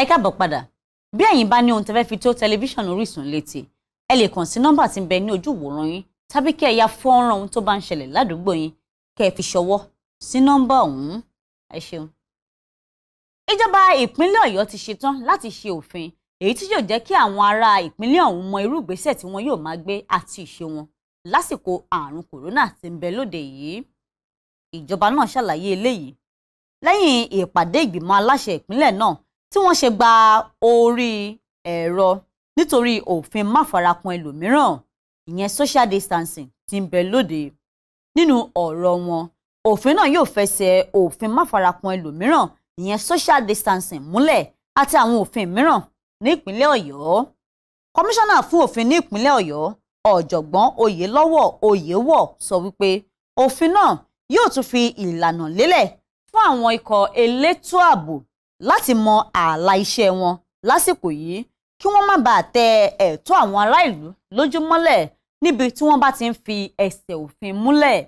ẹ káàbọ̀ padà bí ẹ̀yin bá ní ohun tẹ́fẹ́ fi tó tẹlifíṣàn Orísun létí ẹ lè kàn sí nọ́mbà tí ń bẹ ní ojú ìwòran yín tàbí kí ẹ ya fọ́nrán ohun tó bá ń ṣẹlẹ̀ ládùúgbò yín kẹ́ ẹ fi ṣọwọ́ sí nọ́mbà ọ̀hún ẹ ṣeun. ìjọba ìpínlẹ̀ Ọ̀yọ́ ti ṣetán láti ṣe òfin èyí tí yóò jẹ́ kí àwọn ará ìpínlẹ̀ ọ̀hún mọ irú ìgbésẹ̀ tí wọ́n yóò máa gbé àti lẹ́yìn ìpàdé ìgbìmọ̀ aláṣẹ ìpínlẹ̀ náà tí wọ́n ṣe gba orí ẹ̀rọ nítorí òfin máfarakun ẹlòmíràn ìyẹn social distancing ti ń bẹ lóde nínú ọ̀rọ̀ wọn òfin náà yóò fẹsẹ̀ òfin máfarakun ẹlòmíràn ìyẹn social distancing múlẹ̀ àti àwọn òfin mìíràn ní ìpínlẹ̀ Ọ̀yọ́ kọmíṣánná fún òfin ní ìpínlẹ̀ Ọ̀yọ́ ọ̀jọ̀gbọ́n Oyèlọ́wọ̀ Oyèwọ̀ sọ wípé òfin náà yóò tún fi ìlànà lélẹ̀ fún àwọn ikọ̀ elétò ààbò láti mọ ààlà iṣẹ́ wọn lásìkò yìí kí wọ́n má bàa tẹ ẹ̀tọ́ àwọn ará ìlú lójú mọ́lẹ̀ níbi tí wọ́n bá ti ń fi ẹsẹ̀ òfin múlẹ̀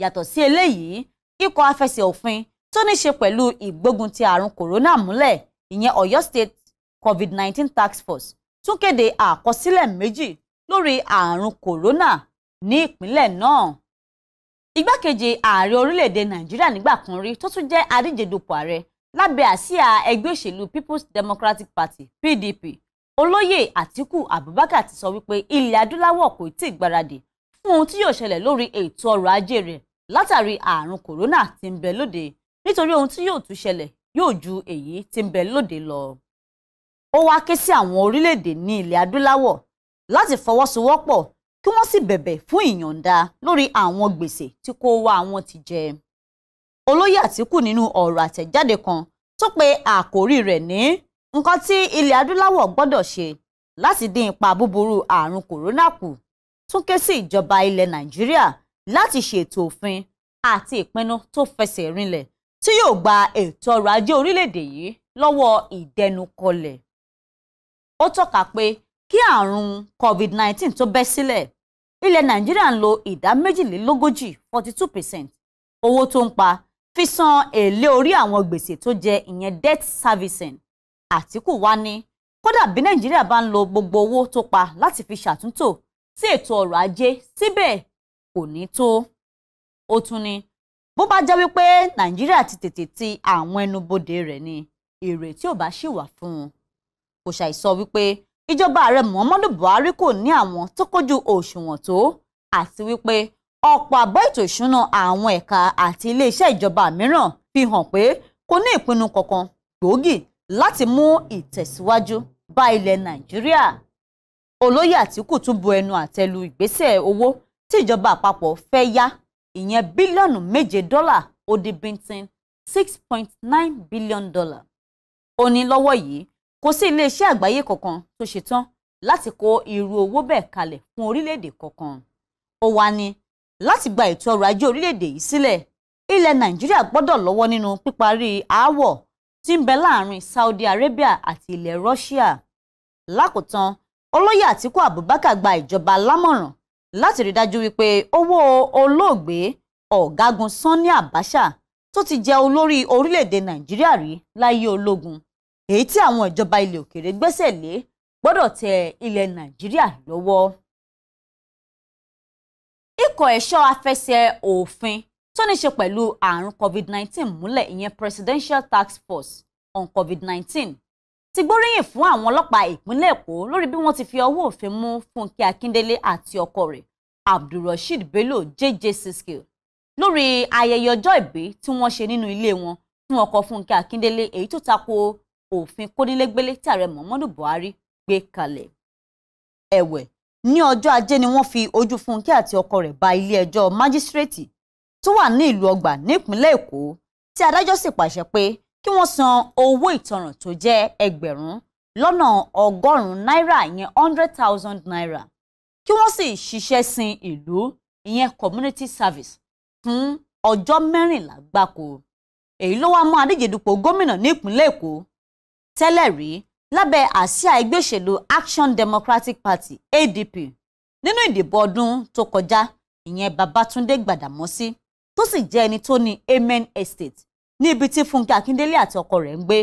yàtọ̀ sí eléyìí ikọ̀ afẹsẹ̀ òfin tó ní ṣe pẹ̀lú ìgbógun ti àrùn kòrónà múlẹ̀ ìyẹn Ọ̀yọ́ State COVID-19 Task Force tún kéde àkọsílẹ̀ méjì lórí àrùn kòrónà ní ìpínlẹ̀ náà igbákejì ààrẹ orílẹ̀-èdè Nàìjíríà nígbà kan rí tó tún jẹ́ adíjedupò ààrẹ lábẹ́ àsíá ẹgbẹ́ òṣèlú People's Democratic Party PDP olóyè Àtíkù Abubakar ti sọ wípé ilẹ̀ adúláwọ̀ kò tí ì gbáradì fún ohun tí yóò ṣẹlẹ̀ lórí ètò ọrọ̀ ajé rẹ̀ látàrí àrùn kòrónà tí ń bẹ lóde nítorí ohun tí yóò tún ṣẹlẹ̀ yóò ju èyí tí ń bẹ lóde lọ. ó wá ké sí àwọn orílẹ̀-èdè ní ilẹ̀ adúláwọ̀ láti fọwọ́sowọ́pọ̀ kí wọ́n sì bẹ̀bẹ̀ fún ìyọ̀ǹda lórí àwọn gbèsè tí kó wá àwọn ti jẹ olóyè àtìkù nínú ọ̀rọ̀ àtẹ̀jáde kan tó pe àkòrí rẹ̀ ní nǹkan tí ilẹ̀ adúláwọ̀ gbọ́dọ̀ ṣe láti dín ipa búburú àrùn kòrónà kù tún ké sí ìjọba ilẹ̀ nàìjíríà láti ṣètò òfin àti ìpinnu tó fẹsẹ̀ rinlẹ̀ tí yóò gba ètò ọrọ̀ ajé orílẹ̀-èdè yìí lọ́wọ́ ìdẹnukọlẹ̀. ó tọ́ka pé kí àrùn covid-19 tó bẹ́ sílẹ̀ ilẹ̀ nàìjíríà ń lo ìdá méjìlélógójì forty two percent owó tó ń pa fi san èlé orí àwọn gbèsè tó jẹ ìyẹn debt servicing àtìkù wá ní kódà bí nàìjíríà bá ń lo gbogbo owó tó pa láti fi ṣàtúntò sí ètò ọrọ̀ ajé síbẹ̀ kò ní tó ó tún ni bó bá jẹ́ wípé nàìjíríà ti tètè ti àwọn ẹnubodè rẹ̀ ni èrè tí ò bá ṣì wà fún un kò ṣàìsọ wípé ìjọba ààrẹ muhammadu buhari kò ní àwọn tó kójú òṣùwọ̀n tó àti wípé ọ̀pọ̀ àbọ̀ ètò ìṣúná àwọn ẹ̀ka àti iléeṣẹ́ ìjọba mìíràn fi hàn pé kò ní ìpinnu kankan gbòógì láti mú ìtẹ̀síwájú bá ilẹ̀ nàìjíríà olóyè àtìkù tún bu ẹnu àtẹ́ lu ìgbésẹ̀ owó tí ìjọba àpapọ̀ fẹ́ yá ìyẹn bílíọ̀nù méje dọ́là ó dín bíntín six point nine billion dollar ó ní lọ́wọ́ yìí kò sí iléeṣẹ́ àgbáyé kankan tó ṣetán láti kó irú owó bẹ́ẹ̀ kalẹ̀ fún orílẹ̀-èdè kankan ó wá ní láti gba ètò ọrọ̀ ajé orílẹ̀-èdè yìí sílẹ̀ ilẹ̀ nàìjíríà gbọ́dọ̀ lọ́wọ́ nínú píparí aáwọ̀ tí ń bẹ láàrin saudi arabia àti ilẹ̀ russia lákòótán olóyè àtíkú abubakar gba ìjọba lámọ̀ràn láti rí dájú wípé owó olóògbé ọ̀gágun sanni abacha tó ti jẹ olórí orílẹ̀-èdè nàìjíríà rí láyé ológun èyí tí àwọn ìjọba ilẹ̀ òkèèrè gbẹ́sẹ̀ lé gbọ́dọ̀ tẹ ilẹ̀ nàìjíríà lọ́wọ́ ikọ̀ ẹ̀ṣọ́ afẹsẹ̀ òfin tó ní ṣe pẹ̀lú àrùn covid-19 múlẹ̀ ìyẹn presidential task force on covid-19 ti gbóríyìn fún àwọn ọlọ́pàá ìpínlẹ̀ èkó lórí bí wọ́n ti fi ọwọ́ òfin mú fúnkẹ́ akíndélé àti ọkọ rẹ̀ abdulrasheed bello jj siskil lórí ayẹyẹ ọjọ́ ìbí tí wọ́n ṣe nínú ilé wọn fún ọkọ fúnkẹ́ akíndélé èyí tó tako òfin kónílégbélé tí ààrẹ muhammadu buhari gbé kalẹ̀ ẹ̀wẹ̀ ní ọjọ́ ajé ni wọ́n fi ojú Fúnkẹ́ àti ọkọ rẹ̀ ba ilé-ẹjọ́ májísírèètì tó wà ní ìlú ọgbà nípínlẹ̀ Èkó tí adájọ́ sì pàṣẹ pé kí wọ́n san owó ìtanràn tó jẹ́ ẹgbẹ̀rún lọ́nà ọgọ́rùn náírà ìyẹn hundred thousand naira kí wọ́n sì ṣiṣẹ́ sin ìlú ìyẹn community service fún ọjọ́ mẹ́rìnlá gbáko èyí ló wá mú Adíje dupò gómìnà ní Èkó tẹ́lẹ̀ rí lábẹ́ àsíá ẹgbẹ́ òṣèlú Action Democratic Party ADP nínú ìdìbò ọdún tó kọjá ìyẹn Babátúndé Gbàdàmọ́sí tó sì jẹ́ ẹni tó ní Amen Estate ní ibi tí Fúnkẹ́ Akíndélé àti ọkọ rẹ̀ ń gbé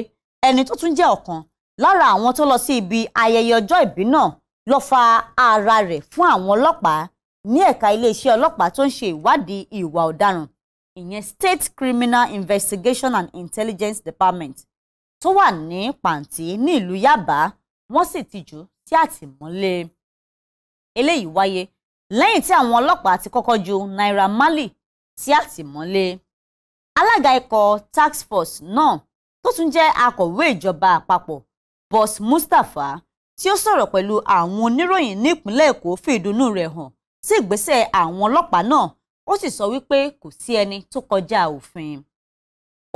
ẹni tó tún jẹ́ ọ̀kan lára àwọn tó lọ sí ibi ayẹyẹ ọjọ́ ìbí náà lọ fa ara rẹ̀ fún àwọn ọlọ́pàá ní ẹ̀ka iléeṣẹ́ ọlọ́pàá tó ń ṣe ìwádìí ìwà ọ̀daràn ìyẹn State Criminal Investigation and Intelligence Department tó wà ní pàǹtí ní ìlú Yàbá wọ́n sì ti jù ú sí àtìmọ́lé eléyìí wáyé lẹ́yìn tí àwọn ọlọ́pàá ti kọ́kọ́ ju Naira Marley sí àtìmọ́lé alága ikọ̀ tax force náà tó tún jẹ́ akọ̀wé ìjọba àpapọ̀ Boss Mustapha tí ó sọ̀rọ̀ pẹ̀lú àwọn oníròyìn nípínlẹ̀ Èkó fi ìdùnnú rẹ̀ hàn sí ìgbésẹ̀ àwọn ọlọ́pàá náà ó sì sọ wípé kò sí ẹni tó kọjá òfin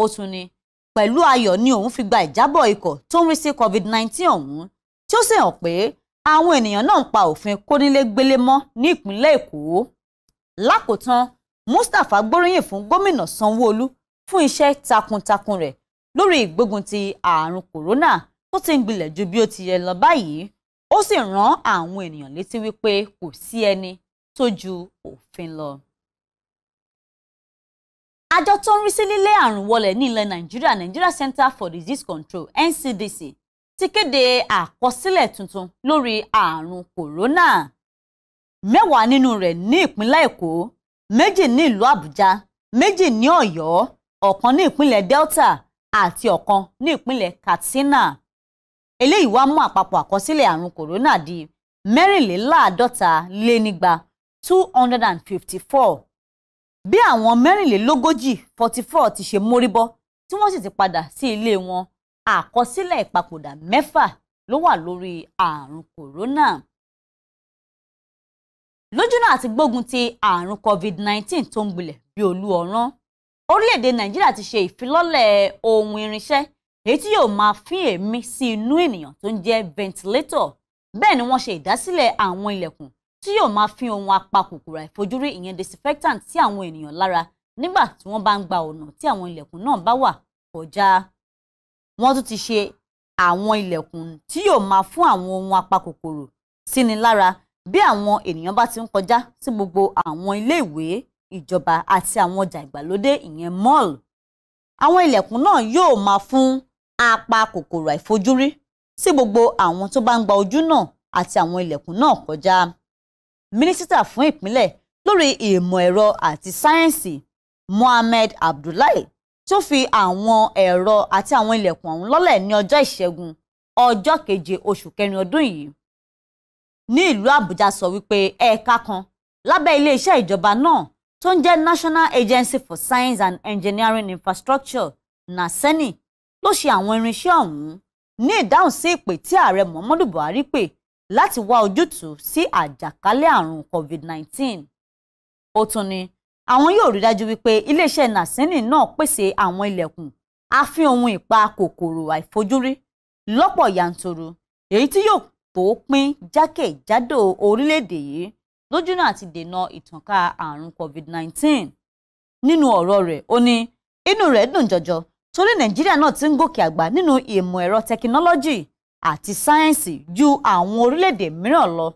ó tún ní pẹ̀lú ayọ̀ ni òun fi gba ìjábọ̀ ikọ̀ tó ń rí sí COVID-19 ọ̀hún tí ó sì hàn pé àwọn ènìyàn náà ń pa òfin kónílégbélé mọ́ ní ìpínlẹ̀ Èkó lákòótán Mustapha gbóríyìn fún gómìnà Sanwó-Olú fún iṣẹ́ takuntakun rẹ̀ lórí ìgbógun ti ààrùn kòrónà tó ti ń gbilẹ̀ ju bí ó ti yẹ lọ báyìí ó sì rán àwọn ènìyàn létí wípé kò sí ẹni tó ju òfin lọ àjọ tó ń rí sí lílé àrùn wọlẹ̀ ní nàìjíríà nigeria center for disease control ncdc ti kéde àkọsílẹ̀ tuntun lórí àrùn corona mẹ́wàá nínú rẹ̀ ní ìpínlẹ̀ èkó méjì ní ìlú àbújá méjì ní ọ̀yọ́ ọ̀kan ní ìpínlẹ̀ delta àti ọ̀kan ní ìpínlẹ̀ katsina eléyìí wá mú àpapọ̀ àkọsílẹ̀ àrùn corona di mẹ́rìnléláàádọ́ta lé nígba two hundred and fifty four bí àwọn mẹ́rìnlélógójì forty four ti ṣe móríbọ́ tí wọ́n sì ti padà sí ilé wọn àkọsílẹ̀ ìpapòdà mẹ́fà ló wà lórí àrùn kòrónà lójúnà àti gbógun ti àrùn covid-19 tó ń gbilẹ̀ bí olú ọ̀rán orílẹ̀-èdè nàìjíríà ti ṣe ìfilọ́lẹ̀ ohun irinṣẹ́ èyí tí yóò máa fín èémí sí inú ènìyàn tó ń jẹ́ ventilator bẹ́ẹ̀ ni wọ́n ṣe ìdásílẹ̀ àwọn ilẹ̀kùn tí yóò máa fi ohun apakòkòrò àìfojúrí ìyẹn disinfectant sí àwọn ènìyàn lára nígbà tí wọ́n bá ń gba ọ̀nà tí àwọn ilẹ̀kùn náà bá wà kọjá. wọ́n tún ti ṣe àwọn ilẹ̀kùn tí yóò máa fún àwọn ohun apakòkòrò síni lára bí àwọn ènìyàn bá ti ń kọjá sí gbogbo àwọn ilé ìjọba àti àwọn ọjà ìgbàlódé ìyẹn mall. àwọn ilẹ̀kùn náà yóò máa fún apakòkòrò àìfojúrí sí gbogbo àwọn tó bá ń gba ojú náà àti àwọn ilẹ̀kùn náà kọjá mínísítà fún ìpínlẹ̀ lórí ìmọ̀ ẹ̀rọ àti sáyẹ́ǹsì Mohammed Abdullahi tó fi àwọn ẹ̀rọ àti àwọn ilẹ̀kùn ọ̀hún lọ́lẹ̀ ní ọjọ́ ìṣẹ́gun ọjọ́ keje oṣù kẹrin ọdún yìí ní ìlú Àbújá sọ wípé ẹ̀ka kan lábẹ́ iléeṣẹ́ ìjọba náà tó ń jẹ́ National Agency for Science and Engineering Infrastructure NASENI ló ṣe àwọn irinṣẹ́ ọ̀hún ní ìdáhùn sí ìpè tí ààrẹ Muhammadu Buhari pè láti wá ojútùú sí àjàkálẹ̀ àrùn COVID-19. ó tún ní àwọn yóò rí dájú wípé iléeṣẹ́ nàṣínì náà pèsè àwọn ilẹ̀kùn àfihàn ohun ìpa kòkòrò àìfojúrí lọ́pọ̀ yanturu èyí tí yóò tó pín jákèjádò orílẹ̀-èdè yìí lójúnà àti dènà ìtànká àrùn COVID-19. nínú ọ̀rọ̀ rẹ̀ ó ní inú rẹ̀ dùn jọjọ torí nàìjíríà náà ti ń gòkè àgbà nínú ìmọ̀ ẹ̀rọ tẹkinọ́lọ́jì àti sáyẹ́ǹsì ju àwọn orílẹ̀-èdè mìíràn lọ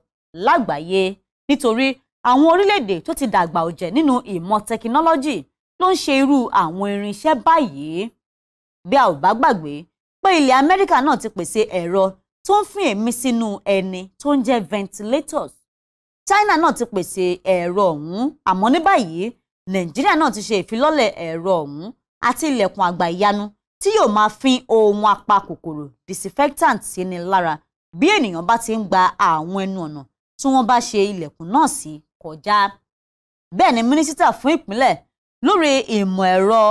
lágbàáyé nítorí àwọn orílẹ̀-èdè tó ti dàgbà ọ̀jẹ̀ nínú ìmọ̀ tẹkinọ́lọ́jì ló ń ṣe irú àwọn irinṣẹ́ báyìí bí a ò bá gbàgbé pé ilẹ̀ Amẹ́ríkà náà ti pèsè ẹ̀rọ tó ń fín èémí sínú ẹni tó ń jẹ́ ventilators China náà ti pèsè ẹ̀rọ ọ̀hún àmọ́ ní báyìí Nàìjíríà náà ti ṣe ìfilọ́lẹ̀ ẹ̀rọ ọ̀hún àti ilẹ̀kùn àgbà ìyanu tí yóò máa fi ohun apakòkòrò disinfectant sí ni lára bí ènìyàn bá ti ń gba àwọn ẹnu ọ̀nà tí wọ́n bá ṣe ilẹ̀kùn náà sí kọjá. bẹ́ẹ̀ ni mínísítà fún ìpínlẹ̀ lórí ìmọ̀ ẹ̀rọ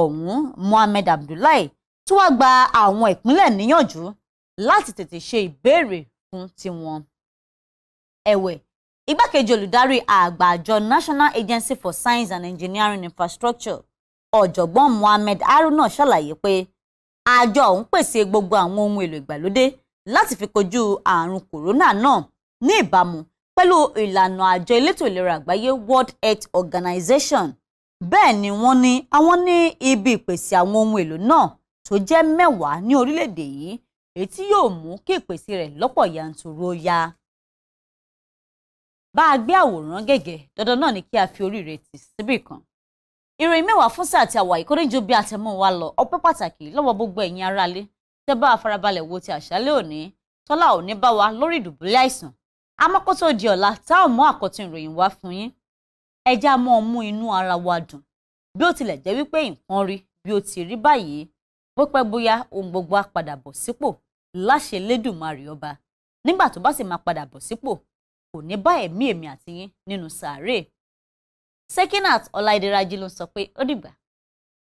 ọ̀hún Mohammed Abdullahi tí wàá gba àwọn ìpínlẹ̀ níyànjú láti tètè ṣe ìbéèrè fún tiwọn. ẹ̀wẹ̀ igbákejì olùdarí àgbà àjọ National Agency for Science and Engineering Infrastructure ọ̀jọ̀gbọ́n Mohammed Haruna ṣàlàyé pé àjọ ọ̀hún pèsè gbogbo àwọn ohun èlò ìgbàlódé láti fi kojú àrùn kòrónà náà ní ìbámu pẹ̀lú ìlànà àjọ elétò ìlera àgbáyé World Health Organization bẹ́ẹ̀ ni wọ́n ní àwọn ní ibi ìpèsè àwọn ohun èlò náà tó jẹ́ mẹ́wàá ní orílẹ̀-èdè yìí èyí tí yóò mú kí ìpèsè rẹ̀ lọ́pọ̀ yanturu ó yá. bá a gbé àwòrán gẹ́gẹ́ dandan náà ni kí a fi orí tì síbì kan ìròyìn mẹ́wàá fún sáà tí a wà yìí kó ní ju bí àtẹ̀mọ́ wa lọ ọpẹ́ pàtàkì lọ́wọ́ gbogbo ẹ̀yin aráalé tẹ́ bá farabalẹ̀ wo ti àṣálẹ́ òní tọ́lá òní bá wa lórí ìdùbúlẹ̀ àìsàn amákótó di ọ̀la tá ò mú àkọ́tún ìròyìn wá fún yín ẹja mọ́ ọ mú inú ara wa dùn bí ó tilẹ̀ jẹ́ wípé nǹkan rí bí ó ti rí báyìí bó pẹ́ bóyá ohun gbogbo á padà bọ̀ sípò láṣẹ Lédùmarè ọba Sekinat Ọláìdé Rájí ló ń sọ pé ó dìgbà.